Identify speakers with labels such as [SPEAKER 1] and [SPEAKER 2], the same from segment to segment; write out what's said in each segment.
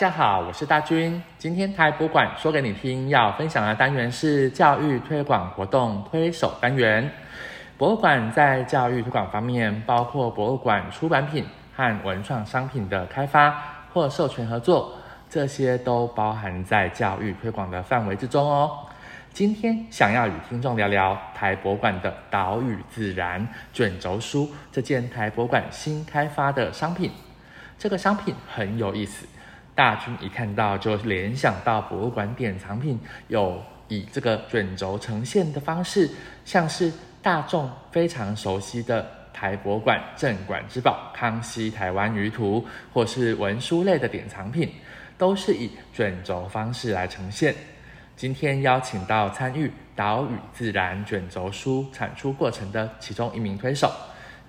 [SPEAKER 1] 大家好，我是大鈞。今天台博館說給你聽要分享的單元是教育推廣活動推手單元。博物館在教育推廣方面，包括博物館出版品和文創商品的開發或授權合作，這些都包含在教育推廣的範圍之中哦。今天想要與聽眾聊聊台博館的島嶼自然卷軸書，這件台博館新開發的商品。這個商品很有意思。大鈞一看到就聯想到博物館典藏品有以這個卷軸呈現的方式，像是大眾非常熟悉的台博館鎮館之寶《康熙台灣輿圖》，或是文書類的典藏品，都是以卷軸方式來呈現。今天邀請到參與《島嶼自然》卷軸書產出過程的其中一名推手。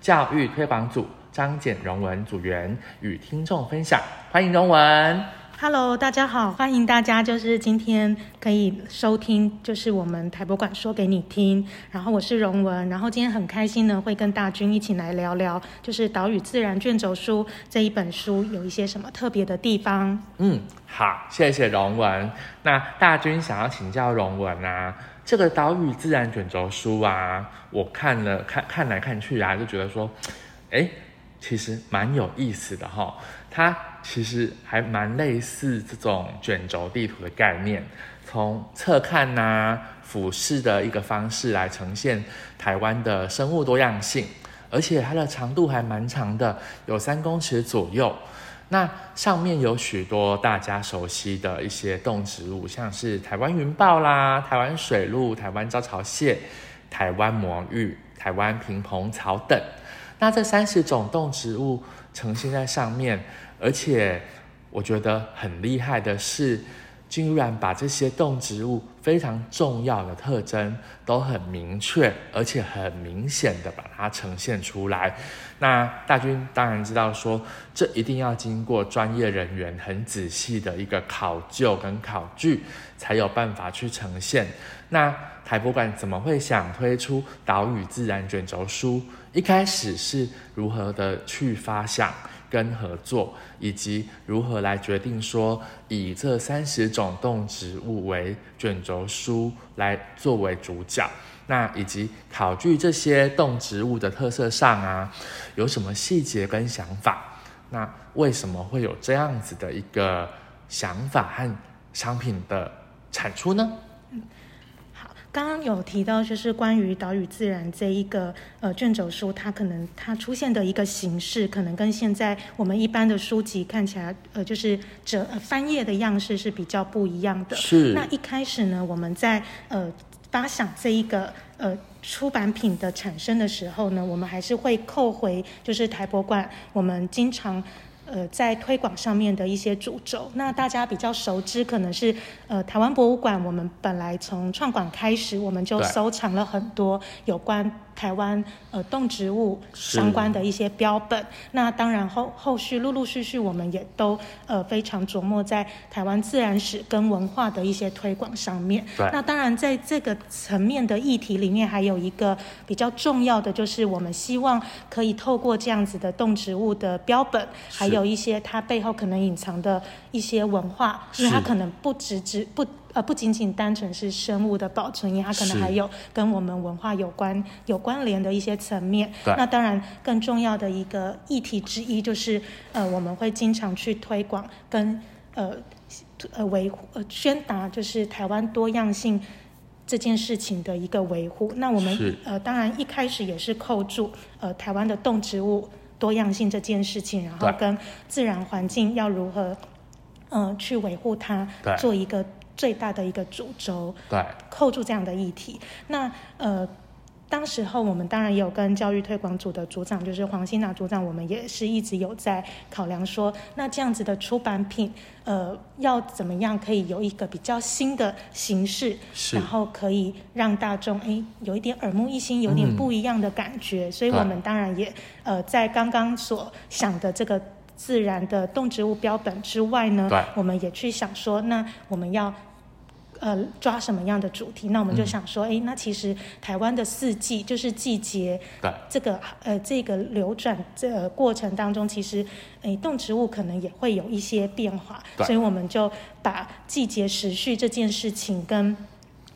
[SPEAKER 1] 教育推廣組張簡傛文組員與聽眾分享，歡迎傛文。Hello，大
[SPEAKER 2] 家好，歡迎大家，就是今天可以收聽，就是我們台博館說給你聽。然後我是傛文，然後今天很開心呢，會跟大鈞一起來聊聊，就是《島嶼自然卷軸書》這一本書有一些什麼特別的地方。
[SPEAKER 1] 嗯，好，謝謝傛文。那大鈞想要請教傛文啊。這個島嶼自然卷軸書啊，我看了看看來看去啊，就覺得說，哎，其實蠻有意思的哈、哦。它其實還蠻類似這種卷軸地圖的概念，從側看吶、啊、俯視的一個方式來呈現台灣的生物多樣性，而且它的長度還蠻長的，有三公尺左右。那上面有許多大家熟悉的一些動植物，像是台灣雲豹啦、台灣水鹿、台灣招潮蟹、台灣魔芋、台灣萍蓬草等。那這三十種動植物呈現在上面，而且我覺得很厲害的是。竟然把這些動植物非常重要的特徵都很明確，而且很明顯地把它呈現出來。那大鈞當然知道說，這一定要經過專業人員很仔細的一個考究跟考據，才有辦法去呈現。那台博館怎麼會想推出島嶼自然卷軸書？一開始是如何的去發想？跟合作，以及如何來決定說以這三十種動植物為卷軸書來作為主角，那以及考據這些動植物的特色上啊，有什麼細節跟想法？那為什麼會有這樣子的一個想法和商品的產出呢？
[SPEAKER 2] 剛剛有提到，就是關於島嶼自然這一個呃捲軸書，它可能它出現的一個形式，可能跟現在我們一般的書籍看起來，呃，就是這翻頁的樣式是比較不一樣的。是。那一開始呢，我們在呃發想這一個呃出版品的產生的時候呢，我們還是會扣回，就是台博館，我們經常。呃，在推廣上面的一些主軸，那大家比較熟知可能是，呃，台灣博物館，我們本來從創館開始，我們就收藏了很多有關台灣呃動植物相關的一些標本。那當然後後，後續陸陸續續，我們也都呃非常琢磨在台灣自然史跟文化的一些推廣上面。那當然在這個層面的議題裡面，還有一個比較重要的就是，我們希望可以透過這樣子的動植物的標本，還有。有一些它背後可能隱藏的一些文化，因為它可能不只只不呃不僅僅單純是生物的保存，也它可能還有跟我們文化有關有關聯的一些層面。那當然更重要的一個議題之一就是呃我們會經常去推廣跟呃呃維護呃宣達，就是台灣多樣性這件事情的一個維護。那我們呃當然一開始也是扣住呃台灣的動植物。多樣性這件事情，然後跟自然環境要如何，呃，去維護它對，做一個最大的一個主軸，對，扣住這樣的議題。那呃。當時候，我們當然也有跟教育推廣組的組長，就是黃新娜組長，我們也是一直有在考量說，那這樣子的出版品，呃，要怎麼樣可以有一個比較新的形式，然後可以讓大眾哎有一點耳目一新，有點不一樣的感覺。嗯、所以我們當然也，呃，在剛剛所想的這個自然的動植物標本之外呢，我們也去想說，那我們要。呃，抓什麼樣的主題？那我們就想說，哎、嗯，那其實台灣的四季就是季節，這個呃這個流轉這、呃、過程當中，其實誒，動植物可能也會有一些變化，所以我們就把季節時序這件事情跟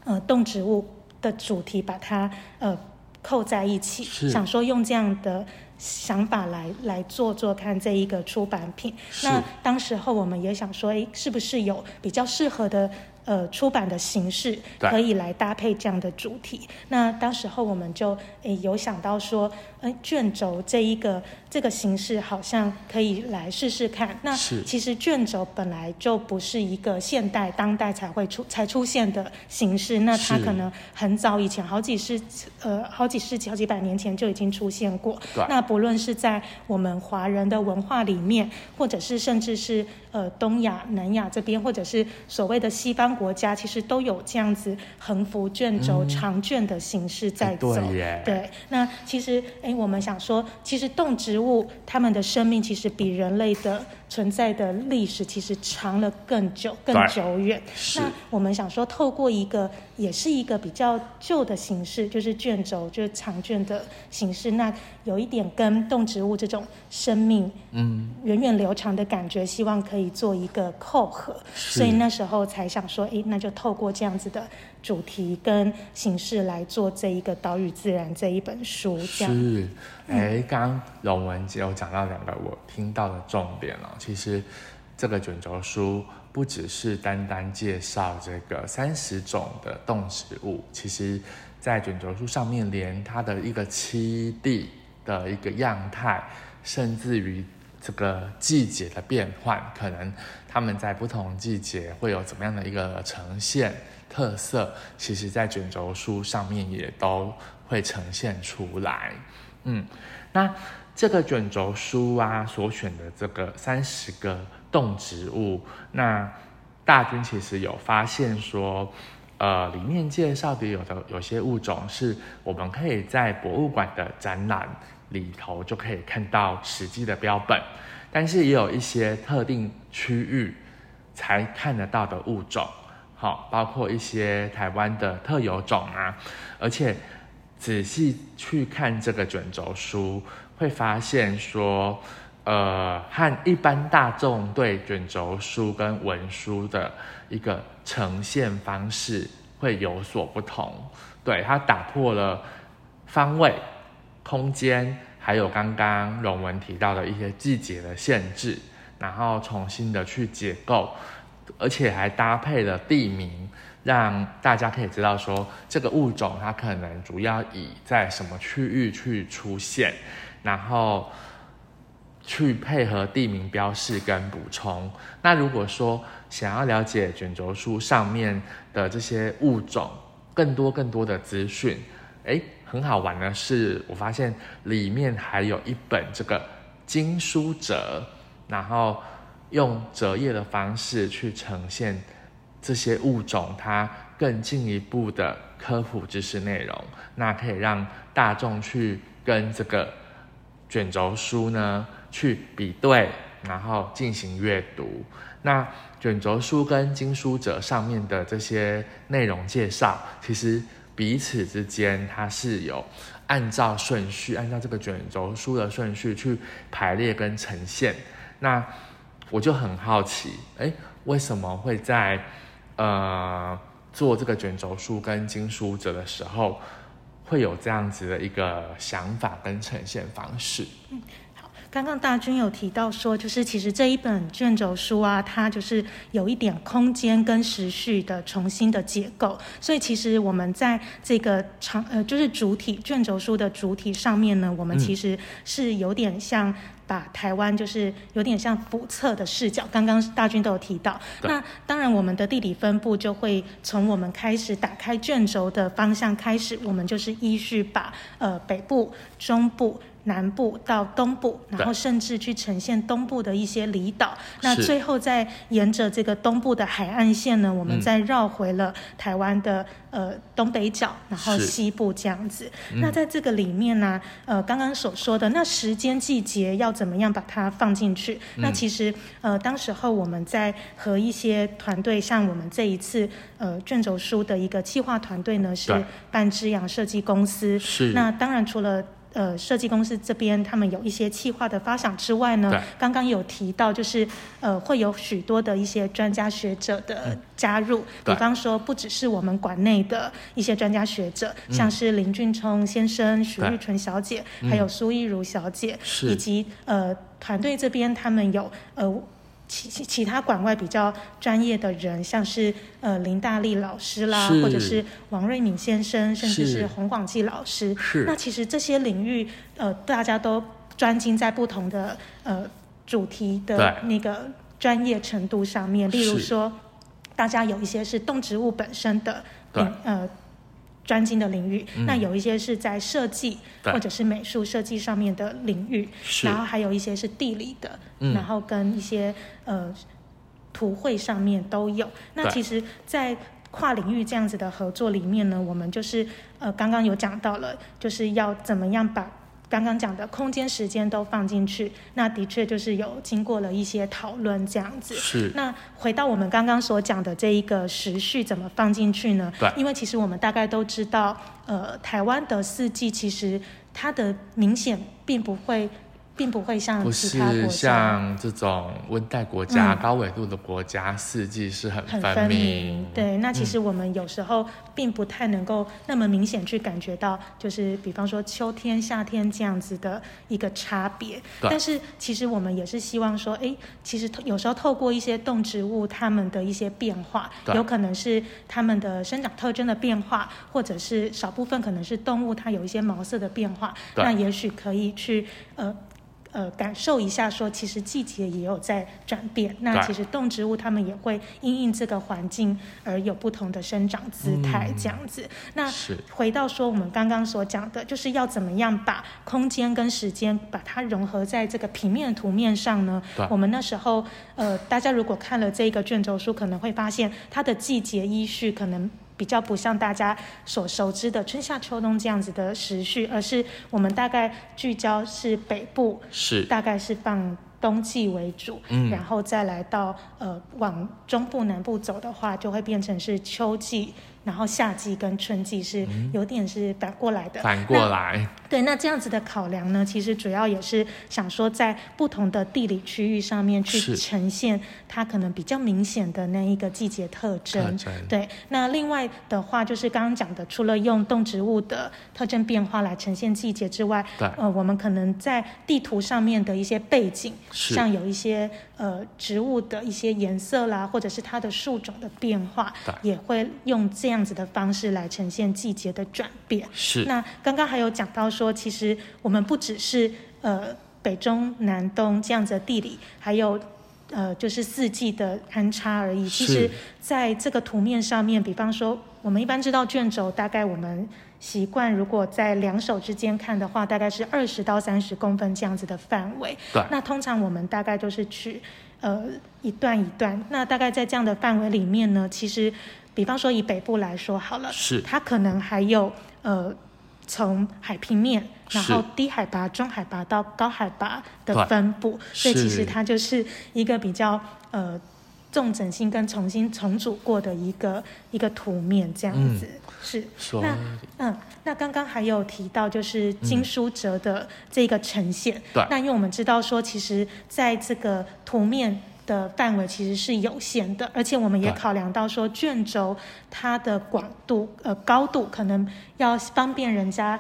[SPEAKER 2] 呃動植物的主題把它呃扣在一起，想說用這樣的想法來來做做看這一個出版品。那當時候我們也想說，哎，是不是有比較適合的？呃，出版的形式可以來搭配這樣的主題。那當時候我們就誒有想到說，哎、呃，卷軸這一個這個形式好像可以來試試看。那其實卷軸本來就不是一個現代當代才會出才出現的形式。那它可能很早以前好幾世，呃好幾世好幾百年前就已經出現過。那不論是在我們華人的文化裡面，或者是甚至是呃東亞、南亞這邊，或者是所謂的西方。國家其實都有這樣子橫幅卷軸、長卷的形式在走，對，那其實哎，我們想說，其實動植物它們的生命其實比人類的存在的歷史其實長了更久、更久遠。那我們想說，透過一個也是一個比較舊的形式，就是卷軸，就是長卷的形式。那有一點跟動植物這種生命，嗯，源遠流長的感覺，希望可以做一個扣合。所以那時候才想說，哎、欸，那就透過這樣子的。主題跟形式來做這一個島嶼自然這一本書。這樣
[SPEAKER 1] 是，哎、欸嗯，剛傛文姐有講到兩個我聽到的重點了、哦。其實這個卷軸書不只是單單介紹這個三十種的動植物，其實在卷軸書上面連它的一個棲地的一個樣態，甚至於這個季節的變換，可能他們在不同季節會有怎麼樣的一個呈現。特色其實，在卷軸書上面也都會呈現出來。嗯，那這個卷軸書啊，所選的這個三十個動植物，那大鈞其實有發現說，呃，裡面介紹的有的有些物種是我們可以在博物館的展覽裡頭就可以看到實際的標本，但是也有一些特定區域才看得到的物種。好，包括一些台灣的特有種啊，而且仔細去看這個卷軸書，會發現說，呃，和一般大眾對卷軸書跟文書的一個呈現方式會有所不同。對，它打破了方位、空間，還有剛剛傛文提到的一些季節的限制，然後重新的去解構。而且還搭配了地名，讓大家可以知道說這個物種它可能主要以在什麼區域去出現，然後去配合地名標示跟補充。那如果說想要了解卷軸書上面的這些物種更多更多的資訊，哎，很好玩的是，我發現裡面還有一本這個《經書折》，然後。用摺頁的方式去呈現這些物種，它更進一步的科普知識內容，那可以讓大眾去跟這個卷軸書呢去比對，然後進行閱讀。那卷軸書跟經書摺上面的這些內容介紹，其實彼此之間它是有按照順序，按照這個卷軸書的順序去排列跟呈現。那我就很好奇，哎，為什麼會在，呃，做這個卷軸書跟經書摺的時候，會有這樣子的一個想法跟呈現方式？嗯
[SPEAKER 2] 剛剛大鈞有提到說，就是其實這一本卷軸書啊，它就是有一點空間跟時序的重新的結構，所以其實我們在這個長呃，就是主體卷軸書的主體上面呢，我們其實是有點像把台灣就是有點像俯視的視角。剛剛大鈞都有提到，那當然我們的地理分布就會從我們開始打開卷軸的方向開始，我們就是依序把呃北部、中部。南部到東部，然後甚至去呈現東部的一些離島，那最後再沿着這個東部的海岸線呢，我們再繞回了台灣的呃東北角，然後西部這樣子。那在這個裡面呢、啊，呃，剛剛所說的、嗯、那時間、季節要怎麼樣把它放進去、嗯？那其實呃，當時候我們在和一些團隊，像我們這一次呃卷軸書的一個企劃團隊呢，是半隻羊設計公司，那當然除了。呃，設計公司這邊他們有一些企劃的發想之外呢，剛剛有提到就是呃會有許多的一些專家學者的加入，比方說不只是我們館內的一些專家學者、嗯，像是林俊聰先生、徐玉純小姐，還有蘇一如小姐，嗯、以及呃團隊這邊他們有呃。其其他館外比較專業的人，像是呃林大利老師啦，或者是王瑞敏先生，甚至是洪廣濟老師。是，是那其實這些領域，呃，大家都專精在不同的呃主題的那個專業程度上面。例如說是，大家有一些是動植物本身的，對、嗯、呃。專精的領域，那有一些是在設計或者是美術設計上面的領域，嗯、然後還有一些是地理的，嗯、然後跟一些呃圖繪上面都有。那其實，在跨領域這樣子的合作裡面呢，我們就是呃剛剛有講到了，就是要怎麼樣把。剛剛講的空間、時間都放進去，那的確就是有經過了一些討論這樣子。是。那回到我們剛剛所講的這一個時序怎麼放進去呢？對。因為其實我們大概都知道，呃，台灣的四季其實它的明顯並不會。並不會像其他國家，不是像
[SPEAKER 1] 這種溫帶國家、嗯、高緯度的國家，四季是很分，很分明。對，那其實
[SPEAKER 2] 我們有時候並不太能夠那麼明顯去感覺到，就是比方說秋天、夏天這樣子的一個差別。對。但是其實我們也是希望說，哎、欸，其實有時候透過一些動植物它們的一些變化，有可能是它們的生長特徵的變化，或者是少部分可能是動物它有一些毛色的變化，那也許可以去呃。呃，感受一下，說其實季節也有在轉變。那其實動植物它們也會因應這個環境而有不同的生長姿態，嗯，這樣子。那回到說我們剛剛所講的，就是要怎麼樣把空間跟時間把它融合在這個平面圖面上呢？我們那時候，呃，大家如果看了這個卷軸書，可能會發現它的季節依序可能。比較不像大家所熟知的春夏秋冬這樣子的時序，而是我們大概聚焦是北部，是大概是放。冬季為主，嗯，然後再來到呃往中部南部走的話，就會變成是秋季，然後夏季跟春季是有點是反過來的，反過來，對，那這樣子的考量呢，其實主要也是想說在不同的地理區域上面去呈現它可能比較明顯的那一個季節特徵，對，那另外的話就是剛剛講的，除了用動植物的特徵變化來呈現季節之外，呃，我們可能在地圖上面的一些背景。像有一些呃植物的一些顏色啦，或者是它的樹種的變化，也會用這樣子的方式來呈現季節的轉變。是，那剛剛還有講到說，其實我們不只是呃北中南東這樣子的地理，還有呃就是四季的安插而已。其實在這個圖面上面，比方說我們一般知道卷軸大概我們，習慣如果在兩手之間看的話，大概是二十到三十公分這樣子的範圍。對，那通常我們大概就是取，呃，一段一段。那大概在這樣的範圍裡面呢，其實，比方說以北部來說好了，是它可能還有呃，從海平面，然後低海拔、中海拔到高海拔的分布，所以其實它就是一個比較呃。重整新跟重新重組過的一個一個圖面這樣子，嗯、是那嗯，那剛剛還有提到就是經書摺的這個呈現、嗯，那因為我們知道說，其實在這個圖面的範圍其實是有限的，而且我們也考量到說卷軸它的廣度呃，高度可能要方便人家。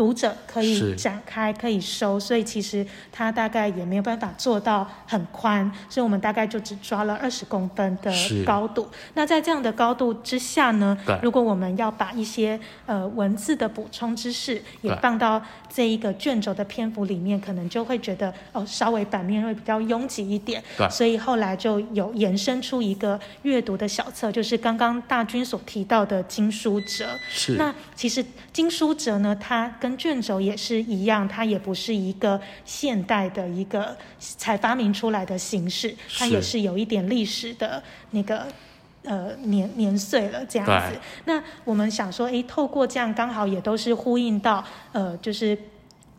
[SPEAKER 2] 讀者可以展開，可以收，所以其實他大概也沒有辦法做到很寬，所以我們大概就只抓了二十公分的高度。那在這樣的高度之下呢，如果我們要把一些呃文字的補充知識也放到這一個卷軸的篇幅裡面，可能就會覺得哦，稍微版面會比較擁擠一點。對，所以後來就有延伸出一個閱讀的小冊，就是剛剛大鈞所提到的《經書摺》。是，那其實《經書摺》呢，它跟卷軸也是一樣，它也不是一個現代的一個才發明出來的形式，它也是有一點歷史的那個呃年年歲了這樣子。那我們想說，哎、欸，透過這樣剛好也都是呼應到呃，就是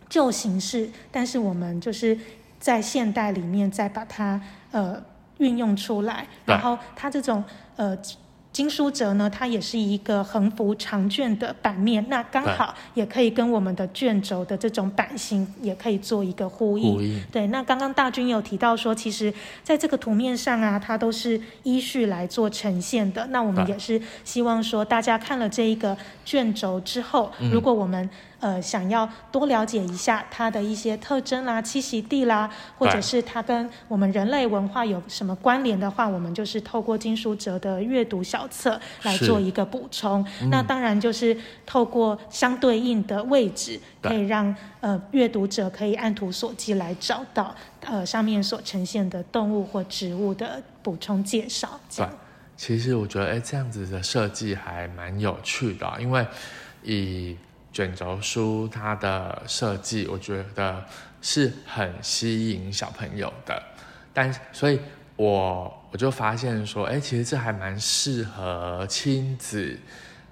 [SPEAKER 2] 舊形式，但是我們就是在現代裡面再把它呃運用出來，然後它這種呃。經書摺呢，它也是一個橫幅長卷的版面，那剛好也可以跟我們的卷軸的這種版型也可以做一個呼應。呼應。對，那剛剛大鈞有提到說，其實在這個圖面上啊，它都是依序來做呈現的。那我們也是希望說，大家看了這一個卷軸之後，嗯、如果我們呃，想要多了解一下它的一些特徵啦、棲息地啦，或者是它跟我們人類文化有什麼關聯的話，我們就是透過《經書摺》的閱讀小冊來做一個補充、嗯。那當然就是透過相對應的位置，可以讓呃閱讀者可以按圖索驥來找到呃上面所呈現的動物或植物的補充介紹。這
[SPEAKER 1] 樣其實我覺得哎，這樣子的設計還蠻有趣的、啊，因為以。捲軸書它的設計，我覺得是很吸引小朋友的，但所以我我就發現說，哎、欸，其實這還蠻適合親子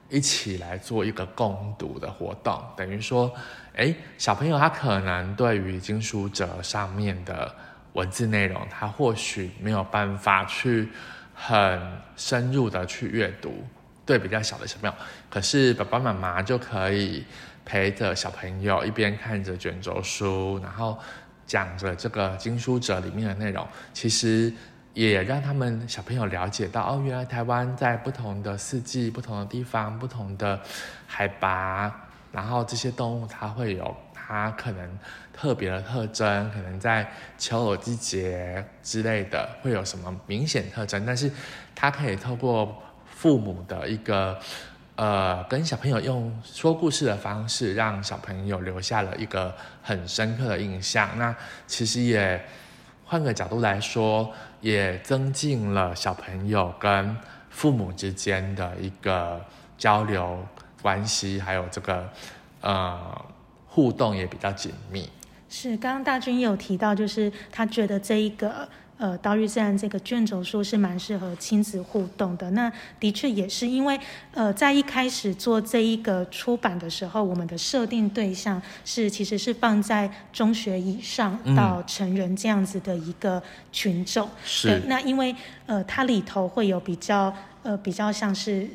[SPEAKER 1] 一起來做一個共讀的活動。等於說，哎、欸，小朋友他可能對於經書摺上面的文字內容，他或許沒有辦法去很深入的去閱讀。對比較小的小朋友，可是爸爸媽媽就可以陪着小朋友一邊看着卷軸書，然後講着這個經書摺裡面的內容，其實也讓他們小朋友了解到哦，原來台灣在不同的四季、不同的地方、不同的海拔，然後這些動物它會有它可能特別的特徵，可能在秋冬季節之類的會有什麼明顯特徵，但是它可以透過。父母的一個，呃，跟小朋友用說故事的方式，讓小朋友留下了一個很深刻的印象。那其實也換個角度來說，也增進了小朋友跟父母之間的一個交流關係，還有這個呃互動也比較緊密。
[SPEAKER 2] 是，剛剛大鈞有提到，就是他覺得這一個。呃，島嶼自然這個卷軸書是蠻適合親子互動的。那的確也是，因為呃，在一開始做這一個出版的時候，我們的設定對象是其實是放在中學以上到成人這樣子的一個群眾，嗯。是。那因為呃，它裡頭會有比較呃比較像是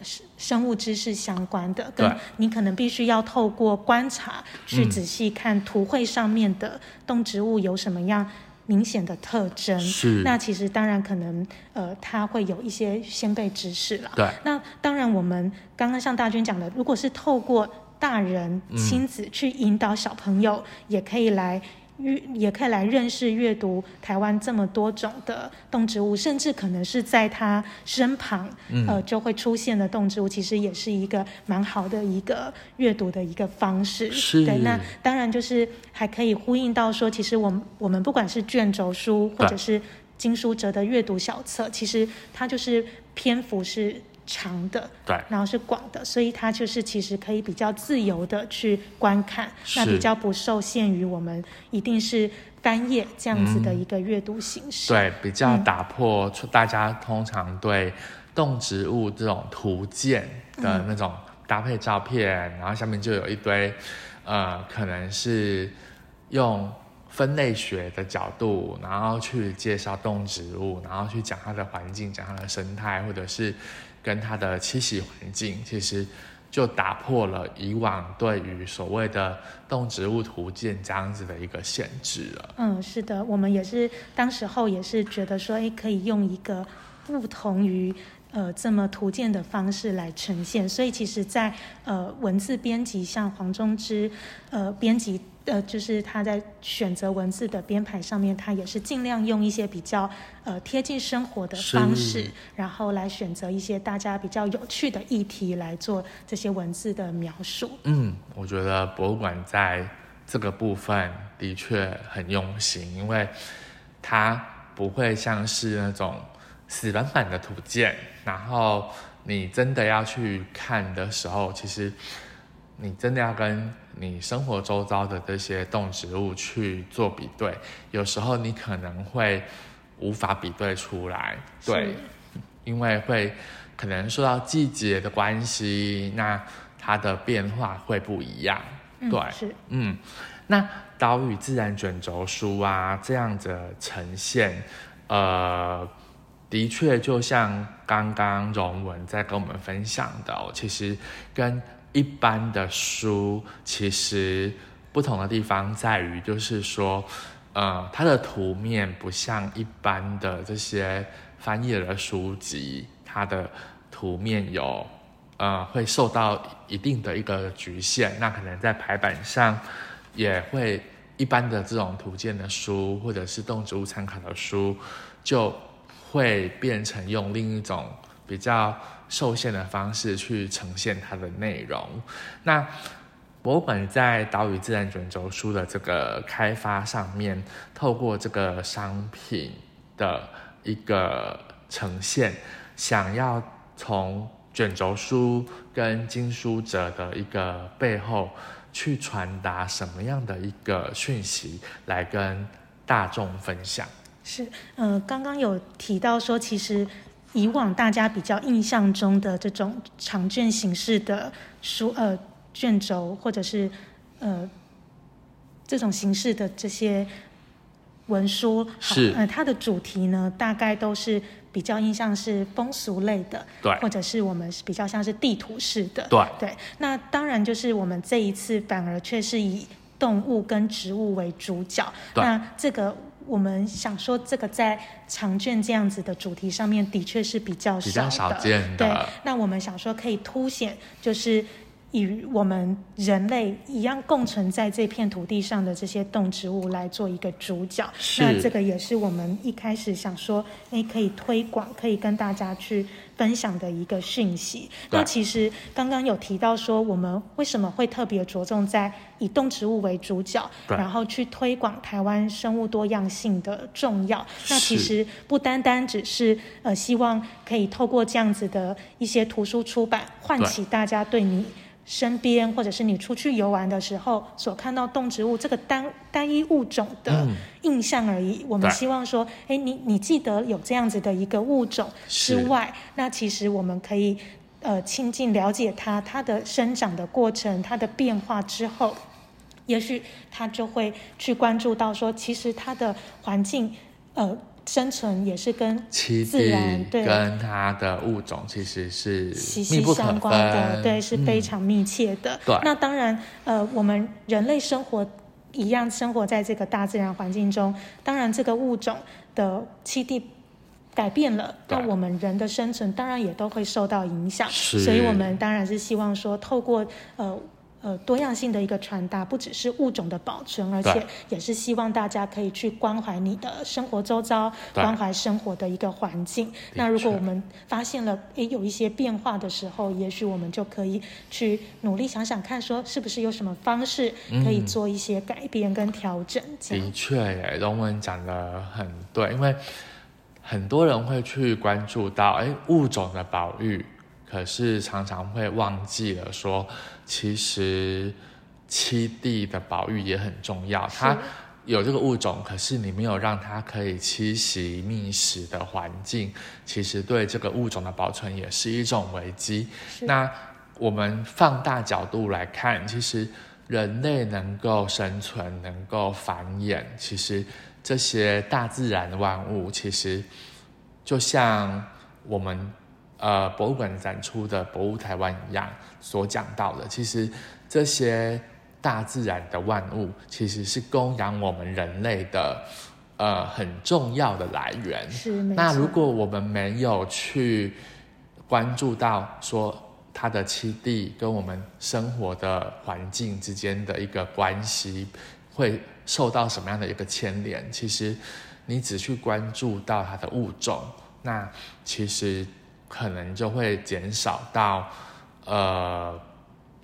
[SPEAKER 2] 生生物知識相關的，對，你可能必須要透過觀察去仔細看圖繪上面的動植物有什麼樣。明顯的特徵，是，那其實當然可能呃，他會有一些先輩知識了。對，那當然我們剛剛像大鈞講的，如果是透過大人親、嗯、子去引導小朋友，也可以來。也可以來認識閱讀台灣這麼多種的動植物，甚至可能是在他身旁、嗯，呃，就會出現的動植物，其實也是一個蠻好的一個閱讀的一個方式。對，那當然就是還可以呼應到說，其實我們我們不管是卷軸書，或者是經書摺的閱讀小冊，其實它就是篇幅是。長的，對，然後是廣的，所以它就是其實可以比較自由的去觀看，那比較不受限於我們一定是翻頁這樣子的一個閱讀形
[SPEAKER 1] 式。嗯、對，比較打破大家通常對動植物這種圖鑑的那種搭配照片、嗯，然後下面就有一堆，呃，可能是用。分類學的角度，然後去介紹動植物，然後去講它的環境，講它的生態，或者是跟它的棲息環境，其實就打破了以往對於所謂的動植物圖鑑這樣子的一個限制
[SPEAKER 2] 了。嗯，是的，我們也是當時候也是覺得說，哎、欸，可以用一個不同於。呃，這麼圖鑑的方式來呈現，所以其實在，在呃文字編輯，像黃中之，呃編輯，呃就是他在選擇文字的編排上面，他也是盡量用一些比較呃貼近生活的方式，然後來選擇一些大家比較有趣的議題來做這些文字的描述。
[SPEAKER 1] 嗯，我覺得博物館在這個部分的確很用心，因為它不會像是那種死板板的圖鑑。然後你真的要去看的時候，其實你真的要跟你生活周遭的這些動植物去做比對，有時候你可能會無法比對出來，對，因為會可能受到季節的關係，那它的變化會不一樣，對，嗯，是，嗯，那島嶼自然卷軸書啊，這樣子呈現，呃。的確，就像剛剛傛文在跟我們分享的，其實跟一般的書其實不同的地方在於，就是說，呃，它的圖面不像一般的這些翻譯的書籍，它的圖面有呃會受到一定的一個局限，那可能在排版上也會一般的這種圖鑑的書或者是動植物參考的書就。會變成用另一種比較受限的方式去呈現它的內容。那博物館在島嶼自然卷軸書的這個開發上面，透過這個商品的一個呈現，想要從卷軸書跟經書摺的一個背後，去傳達什麼樣的一個訊息來跟大眾分享？
[SPEAKER 2] 是，呃，剛剛有提到說，其實以往大家比較印象中的這種長卷形式的書，呃，卷軸或者是呃這種形式的這些文書，是，呃，它的主題呢，大概都是比較印象是風俗類的，對，或者是我們是比較像是地圖式的，對，對。那當然就是我們這一次反而卻是以動物跟植物為主角，對，那這個。我們想說，這個在長卷這樣子的主題上面，的確是比較少的比較少見的。對，那我們想說，可以凸顯，就是與我們人類一樣共存在這片土地上的這些動植物來做一個主角。是。那這個也是我們一開始想說，哎，可以推廣，可以跟大家去。分享的一個訊息。那其實剛剛有提到說，我們為什麼會特別着重在以動植物為主角，然後去推廣台灣生物多樣性的重要。那其實不單單只是呃，希望可以透過這樣子的一些圖書出版，喚起大家對你身邊或者是你出去遊玩的時候所看到動植物這個單單一物種的印象而已。嗯、我們希望說，哎、欸，你你記得有這樣子的一個物種之外，那那其實我們可以，呃，親近了解它，它的生長的過程，它的變化之後，也許它就會去關注到說，其實它的環境，呃，生存也是跟自然，對，跟
[SPEAKER 1] 它的物種其實是息息相關的，對，是非
[SPEAKER 2] 常密切的，嗯。那當然，呃，我們人類生活一樣生活在這個大自然環境中，當然這個物種的棲地改變了，那我們人的生存當然也都會受到影響，所以，我們當然是希望說，透過呃呃多樣性的一個傳達，不只是物種的保存，而且也是希望大家可以去關懷你的生活周遭，關懷生活的一個環境。那如果我們發現了也、欸、有一些變化的時候，也許我們就可以去努力想想看，說是不是有什麼方式可以做一些改變跟調整。嗯、的
[SPEAKER 1] 確，傛文講得很對，因為。很多人會去關注到，哎、欸，物種的保育，可是常常會忘記了說，其實棲地的保育也很重要。它有這個物種，可是你沒有讓它可以棲息覓食的環境，其實對這個物種的保存也是一種危機。那我們放大角度來看，其實人類能夠生存、能夠繁衍，其實。這些大自然的萬物，其實就像我們呃博物館展出的《博物台灣》一樣，所講到的，其實這些大自然的萬物其實是供養我們人類的呃很重要的來源。是，那如果我們沒有去關注到說它的棲地跟我們生活的環境之間的一個關係，會受到什麼樣的一個牽連？其實，你只去關注到它的物種，那其實可能就會減少到，呃，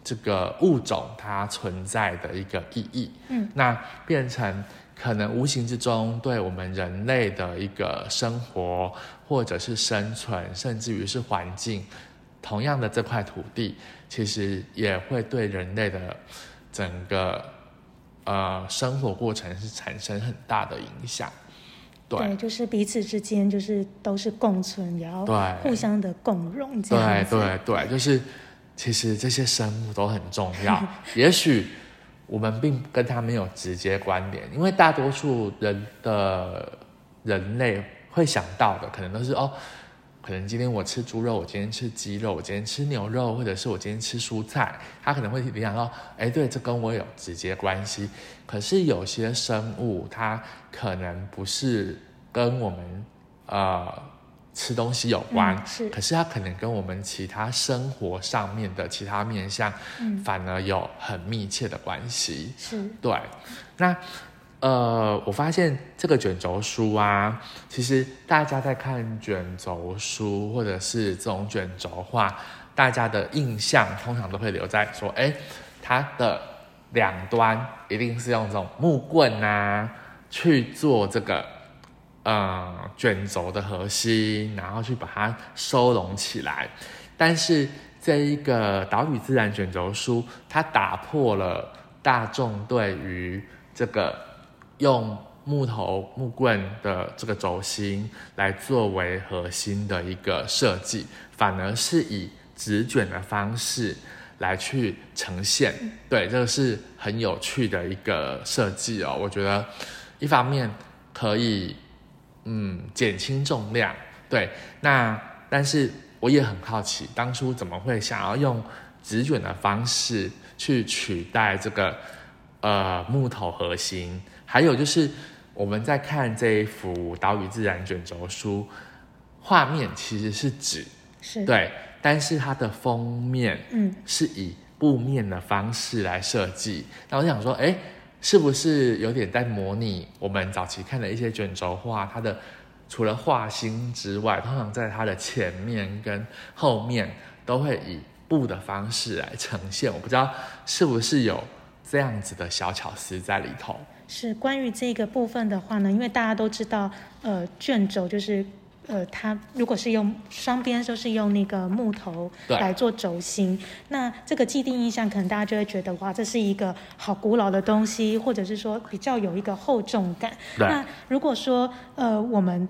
[SPEAKER 1] 這個物種它存在的一個意義。嗯，那變成可能無形之中對我們人類的一個生活，或者是生存，甚至於是環境，同樣的這塊土地，其實也會對人類的整個。呃，生活過程是產生很大的影響，對，
[SPEAKER 2] 就是彼此之間就是都是共存，然後互相的共融，這樣，對對
[SPEAKER 1] 對，就是其實這些生物都很重要， 也許我們並跟它沒有直接關聯，因為大多數人的人類會想到的，可能都是哦。可能今天我吃豬肉，我今天吃雞肉，我今天吃牛肉，或者是我今天吃蔬菜，他可能會聯想到，哎、欸，對，這跟我有直接關係。可是有些生物，它可能不是跟我們，呃，吃東西有關、嗯，是，可是它可能跟我們其他生活上面的其他面向，嗯，反而有很密切的關係，是，對，那。呃，我發現這個卷軸書啊，其實大家在看卷軸書或者是這種卷軸畫，大家的印象通常都會留在說，哎，它的兩端一定是用這種木棍啊去做這個呃卷軸的核心，然後去把它收攏起來。但是這一個島嶼自然卷軸書，它打破了大眾對於這個。用木頭木棍的這個軸心來作為核心的一個設計，反而是以紙卷的方式來去呈現。對，這個是很有趣的一個設計哦。我覺得一方面可以嗯減輕重量，對。那但是我也很好奇，當初怎麼會想要用紙卷的方式去取代這個？呃，木頭核心，還有就是我們在看這一幅島嶼自然卷軸書，畫面其實是紙，是對，但是它的封面嗯是以布面的方式來設計。嗯、那我想說，哎，是不是有點在模擬我們早期看的一些卷軸畫？它的除了畫心之外，通常在它的前面跟後面都會以布的方式來呈現。我不知道是不是有。這樣子的小巧思在裡頭，
[SPEAKER 2] 是關於這個部分的話呢，因為大家都知道，呃，捲軸就是，呃，它如果是用雙邊，就是用那個木頭來做軸心，那這個既定印象可能大家就會覺得，哇，這是一個好古老的東西，或者是說比較有一個厚重感。那如果說，呃，我們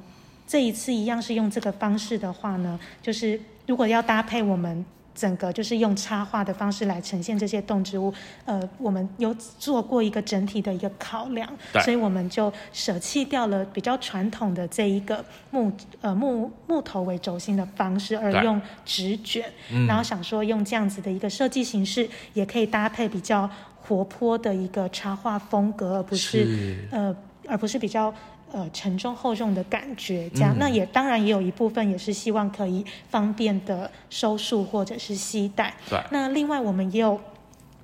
[SPEAKER 2] 這一次一樣是用這個方式的話呢，就是如果要搭配我們。整個就是用插畫的方式來呈現這些動植物，呃，我們有做過一個整體的一個考量，對。所以我們就捨棄掉了比較傳統的這一個木呃木木頭為軸心的方式，而用紙捲，然後想說用這樣子的一個設計形式，也可以搭配比較活潑的一個插畫風格，而不是，是，呃，而不是比較。呃，沉重、厚重的感覺，這樣、嗯、那也當然也有一部分也是希望可以方便的收束或者是攜帶。對。那另外我們也有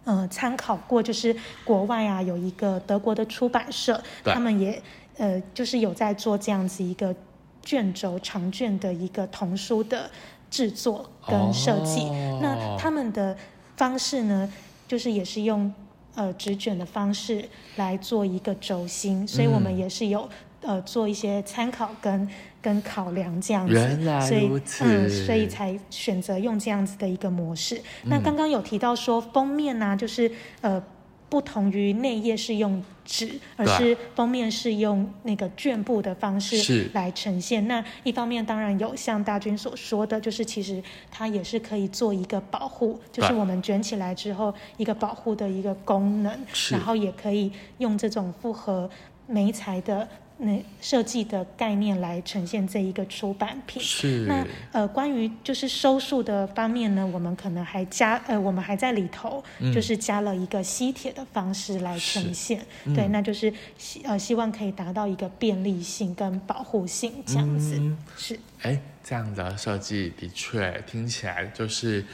[SPEAKER 2] 呃參考過，就是國外啊有一個德國的出版社，他們也呃就是有在做這樣子一個卷軸長卷的一個童書的製作跟設計、oh。那他們的方式呢，就是也是用呃紙卷的方式來做一個軸心、嗯，所以我們也是有。呃，做一些參考跟跟考量，這樣子，啊、所以嗯，所以才選擇用這樣子的一個模式。嗯、那剛剛有提到說封面呢，啊，就是呃，不同於內頁是用紙，而是封面是用那個絹布的方式來呈現。那一方面當然有像大鈞所說的就是，其實它也是可以做一個保護，就是我們捲起來之後一個保護的一個功能，然後也可以用這種複合媒材的。那設計的概念來呈現這一個出版品。是。那呃，關於就是收數的方面呢，我們可能還加呃，我們還在裡頭，嗯、就是加了一個吸鐵的方式來呈現。嗯、對，那就是希呃希望可以達到一個便利性跟保護性這樣子。嗯、是。
[SPEAKER 1] 哎、欸，這樣的設計的確聽起來就是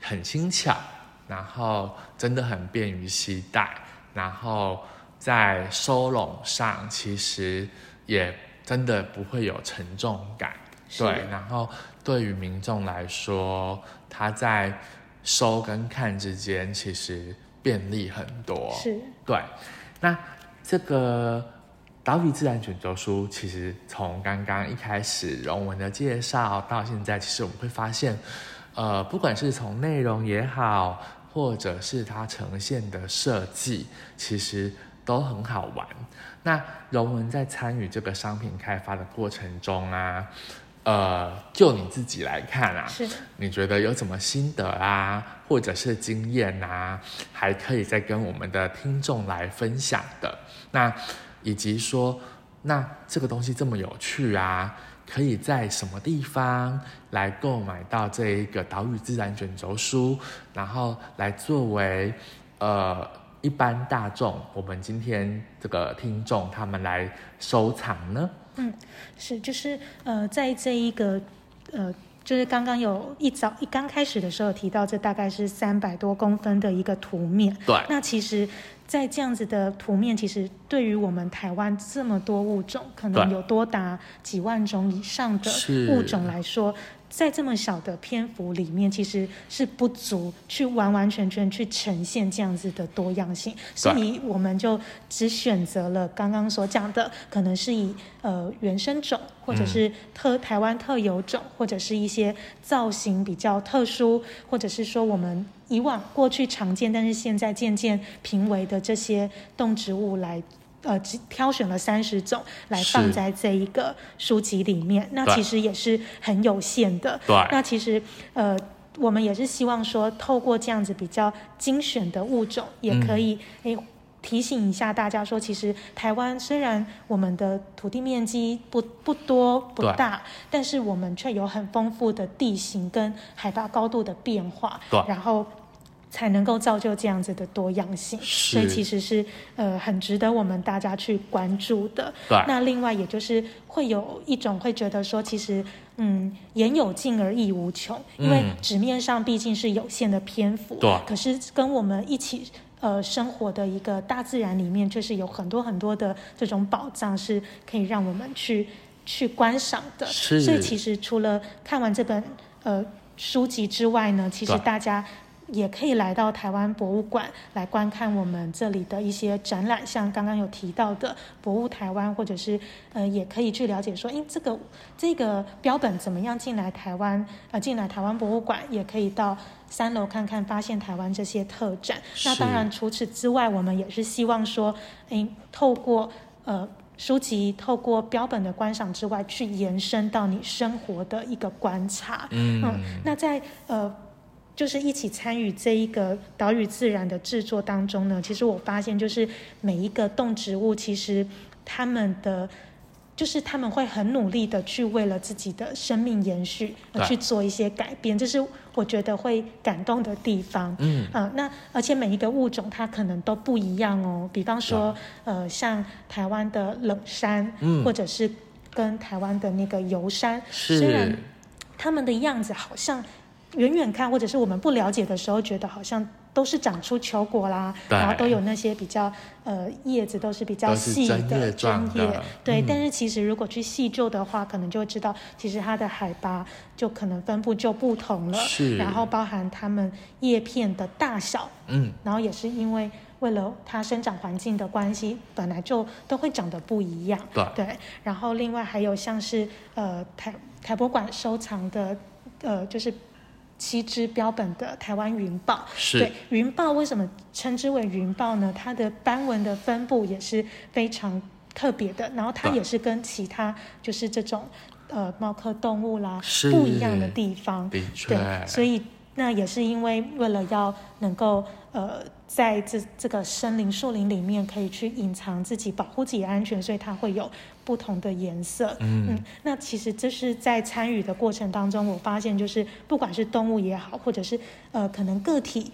[SPEAKER 1] 很輕巧，然後真的很便於攜帶，然後。在收攏上，其實也真的不會有沉重感，對。然後對於民眾來說，他在收跟看之間其實便利很多，是對。那這個《島嶼自然卷軸書》，其實從剛剛一開始傛文的介紹到現在，其實我們會發現，呃，不管是從內容也好，或者是它呈現的設計，其實。都很好玩。那傛文在參與這個商品開發的過程中啊，呃，就你自己來看啊，是，你覺得有什麼心得啊，或者是經驗啊，還可以再跟我們的聽眾來分享的。那以及說，那這個東西這麼有趣啊，可以在什麼地方來購買到這一個島嶼自然卷軸書，然後來作為呃。一般大眾，我們今天這個聽眾他們來收藏呢？嗯，
[SPEAKER 2] 是，就是呃，在這一個呃，就是剛剛有一早一剛開始的時候提到，這大概是三百多公分的一個圖面。對，那其實，在這樣子的圖面，其實對於我們台灣這麼多物種，可能有多達幾萬種以上的物種來說。在這麼小的篇幅裡面，其實是不足去完完全全去呈現這樣子的多樣性，所以我們就只選擇了剛剛所講的，可能是以呃原生種，或者是特台灣特有種，或者是一些造型比較特殊，或者是說我們以往過去常見，但是現在漸漸瀕危的這些動植物來。.呃，只挑選了三十種來放在這一個書籍裡面，那其實也是很有限的。對，那其實呃，我們也是希望說，透過這樣子比較精選的物種，也可以誒、嗯欸、提醒一下大家說，其實台灣雖然我們的土地面積不不多不大，但是我們卻有很豐富的地形跟海拔高度的變化。對，然後，才能夠造就這樣子的多樣性，所以其實是呃很值得我們大家去關注的。對。那另外也就是會有一種會覺得說，其實嗯言有盡而意無窮、嗯，因為紙面上畢竟是有限的篇幅，對。可是跟我們一起呃生活的一個大自然裡面，就是有很多很多的這種寶藏是可以讓我們去去觀賞的。是。所以其實除了看完這本呃書籍之外呢，其實大家。也可以來到台灣博物館來觀看我們這裡的一些展覽，像剛剛有提到的《博物台灣》，或者是呃，也可以去了解說，誒，這個這個標本怎麼樣進來台灣？呃，進來台灣博物館，也可以到三樓看看發現台灣這些特展。那當然，除此之外，我們也是希望說，誒，透過呃書籍、透過標本的觀賞之外，去延伸到你生活的一個觀察。嗯，呃，那在呃。就是一起參與這一個島嶼自然的制作當中呢，其實我發現，就是每一個動植物，其實他們的，就是他們會很努力的去為了自己的生命延續，呃啊、去做一些改變，這、就是我覺得會感動的地方。嗯啊、呃，那而且每一個物種它可能都不一樣哦，比方說、嗯、呃，像台灣的冷杉，嗯，或者是跟台灣的那個油杉，是，雖然他們的樣子好像。遠遠看，或者是我們不了解的時候，覺得好像都是長出球果啦，然後都有那些比較呃葉子都是比較細的針葉，針葉對，嗯。但是其實如果去細究的話，可能就會知道，其實它的海拔就可能分布就不同了。是。然後包含它們葉片的大小，嗯。然後也是因為為了它生長環境的關係，本來就都會長得不一樣。對。對。然後另外還有像是呃台台博館收藏的呃就是。七隻標本的台灣雲豹，對，雲豹為什麼稱之為雲豹呢？它的斑紋的分布也是非常特別的，然後它也是跟其他就是這種呃貓科動物啦是不一樣的地方對，對，所以那也是因為為了要能夠呃。在這這個森林樹林裡面，可以去隱藏自己，保護自己安全，所以它會有不同的顏色嗯。嗯，那其實這是在參與的過程當中，我發現就是不管是動物也好，或者是呃可能個體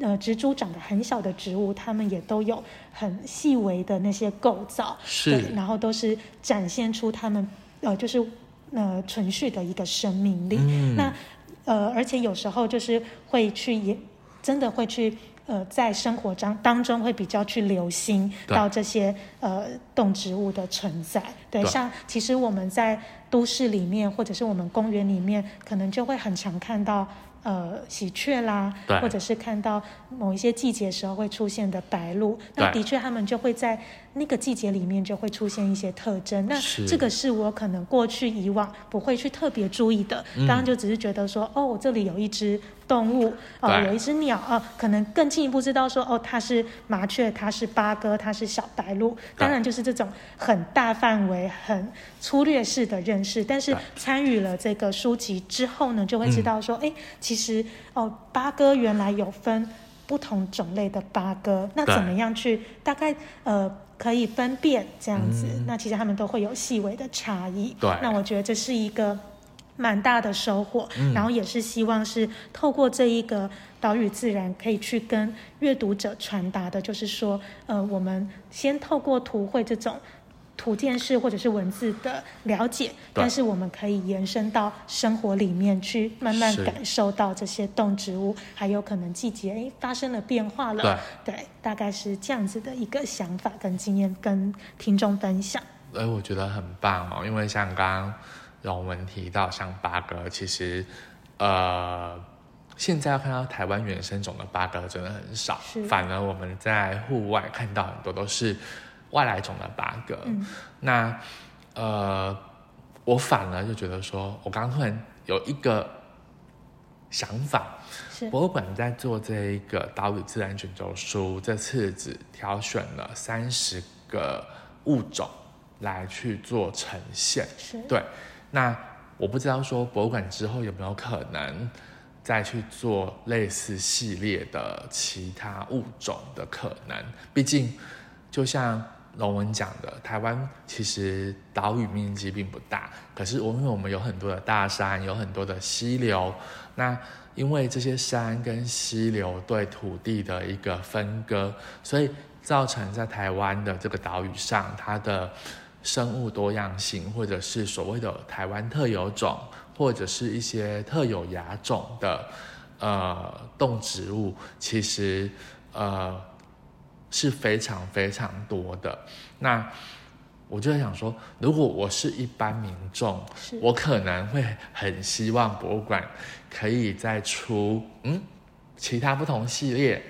[SPEAKER 2] 呃，植株長得很小的植物，它們也都有很細微的那些構造，是，然後都是展現出它們呃就是呃存續的一個生命力。嗯，那呃而且有時候就是會去也真的會去。呃，在生活當當中會比較去留心到這些呃動植物的存在，對，像其實我們在都市裡面或者是我們公園裡面，可能就會很常看到呃喜鵲啦，或者是看到某一些季節時候會出現的白鷺，那的確他們就會在那個季節裡面就會出現一些特徵，那這個是我可能過去以往不會去特別注意的，剛剛、嗯、就只是覺得說哦，這裡有一隻。動物哦，有一隻鳥啊、哦，可能更進一步知道說，哦，它是麻雀，它是八哥，它是小白鷺。當然就是這種很大範圍、很粗略式的認識。但是參與了這個書籍之後呢，就會知道說，哎、欸，其實哦，八哥原來有分不同種類的八哥，那怎麼樣去大概呃可以分辨這樣子、嗯？那其實他們都會有細微的差異。對，那我覺得這是一個。蠻大的收穫，嗯，然後也是希望是透過這一個島嶼自然可以去跟閱讀者傳達的，就是說，呃，我們先透過圖繪這種圖鑑式或者是文字的了解，但是我們可以延伸到生活裡面去，慢慢感受到這些動植物，還有可能季節哎發生了變化了，對，對，大概是這樣子的一個想法跟經驗跟聽眾分享。
[SPEAKER 1] 哎，我覺得很棒哦，因為像剛。傛文提到像八哥，其實，呃，現在要看到台灣原生種的八哥真的很少，是。反而我們在戶外看到很多都是外來種的八哥，嗯。那，呃，我反而就覺得說，我剛突然有一個想法，是。博物館在做這一個島嶼自然卷軸書，這次只挑選了三十個物種來去做呈現，對。那我不知道說博物館之後有沒有可能再去做類似系列的其他物種的可能？畢竟，就像傛文講的，台灣其實島嶼面積並不大，可是我因為我們有很多的大山，有很多的溪流，那因為這些山跟溪流對土地的一個分割，所以造成在台灣的這個島嶼上，它的。生物多樣性，或者是所謂的台灣特有種，或者是一些特有亞種的，呃，動植物，其實呃是非常非常多的。那我就在想說，如果我是一般民眾，我可能會很希望博物館可以再出嗯其他不同系列，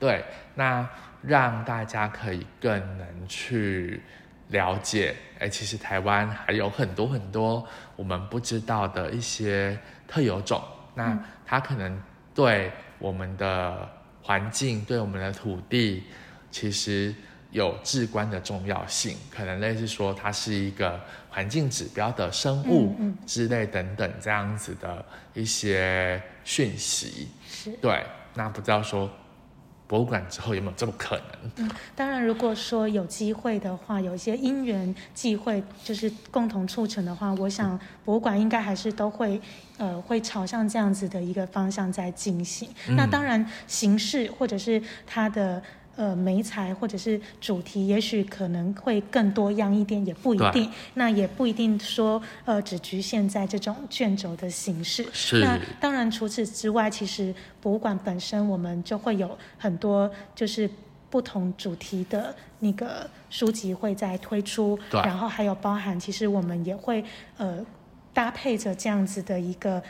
[SPEAKER 1] 對，那讓大家可以更能去。了解，哎、欸，其實台灣還有很多很多我們不知道的一些特有種，那它可能對我們的環境、對我們的土地，其實有至關的重要性，可能類似說它是一個環境指標的生物之類等等這樣子的一些訊息。是，對，那不知道說。博物館之後有沒有這麼可能？嗯，
[SPEAKER 2] 當然，如果說有機會的話，有一些因緣際會，就是共同促成的話，我想博物館應該還是都會，呃，會朝向這樣子的一個方向在進行。那當然，形式或者是它的，呃，媒材或者是主題，也許可能會更多樣一點，也不一定。那也不一定說，呃，只局限在這種卷軸的形式。是。那當然，除此之外，其實博物館本身我們就會有很多就是不同主題的那個書籍會在推出，對，然後還有包含，其實我們也會呃搭配着這樣子的一個。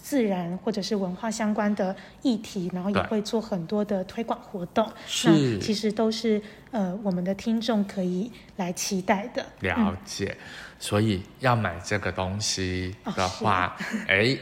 [SPEAKER 2] 自然或者是文化相關的議題，然後也會做很多的推廣活動。那其實都是呃我們的聽眾可以來期待的
[SPEAKER 1] 了解，嗯。所以要買這個東西的話，哎、哦啊，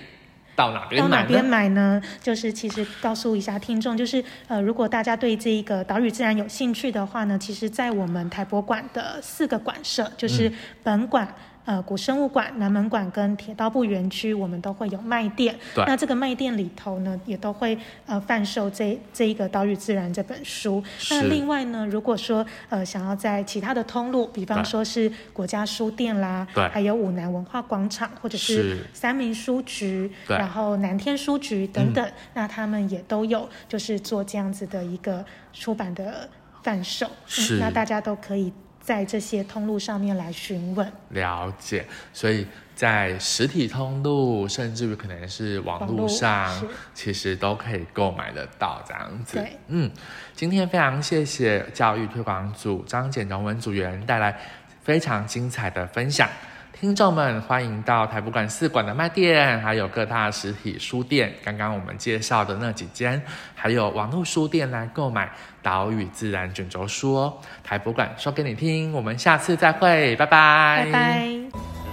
[SPEAKER 1] 到哪邊買？到哪邊
[SPEAKER 2] 買呢？就是其實告訴一下聽眾，就是呃，如果大家對這個島嶼自然有興趣的話呢，其實，在我們台博館的四個館舍，就是本館。嗯呃，古生物館、南門館跟鐵道部園區，我們都會有賣店。那這個賣店裡頭呢，也都會呃販售這這一個《島嶼自然》這本書。那另外呢，如果說呃想要在其他的通路，比方說是國家書店啦，還有五南文化廣場，或者是三民書局，然後南天書局等等，嗯、那他們也都有，就是做這樣子的一個出版的販售。是、嗯。那大家都可以。在這些通路上面來詢問
[SPEAKER 1] 了解，所以在實體通路甚至於可能是網路上，路，其實都可以購買得到這樣子。對。嗯，今天非常謝謝教育推廣組張簡傛文組員帶來非常精彩的分享。聽眾們，歡迎到台博館四館的賣店，還有各大實體書店，剛剛我們介紹的那幾間，還有網絡書店來購買《島嶼自然卷軸書》哦。台博館說給你聽，我們下次再會，拜拜，拜拜。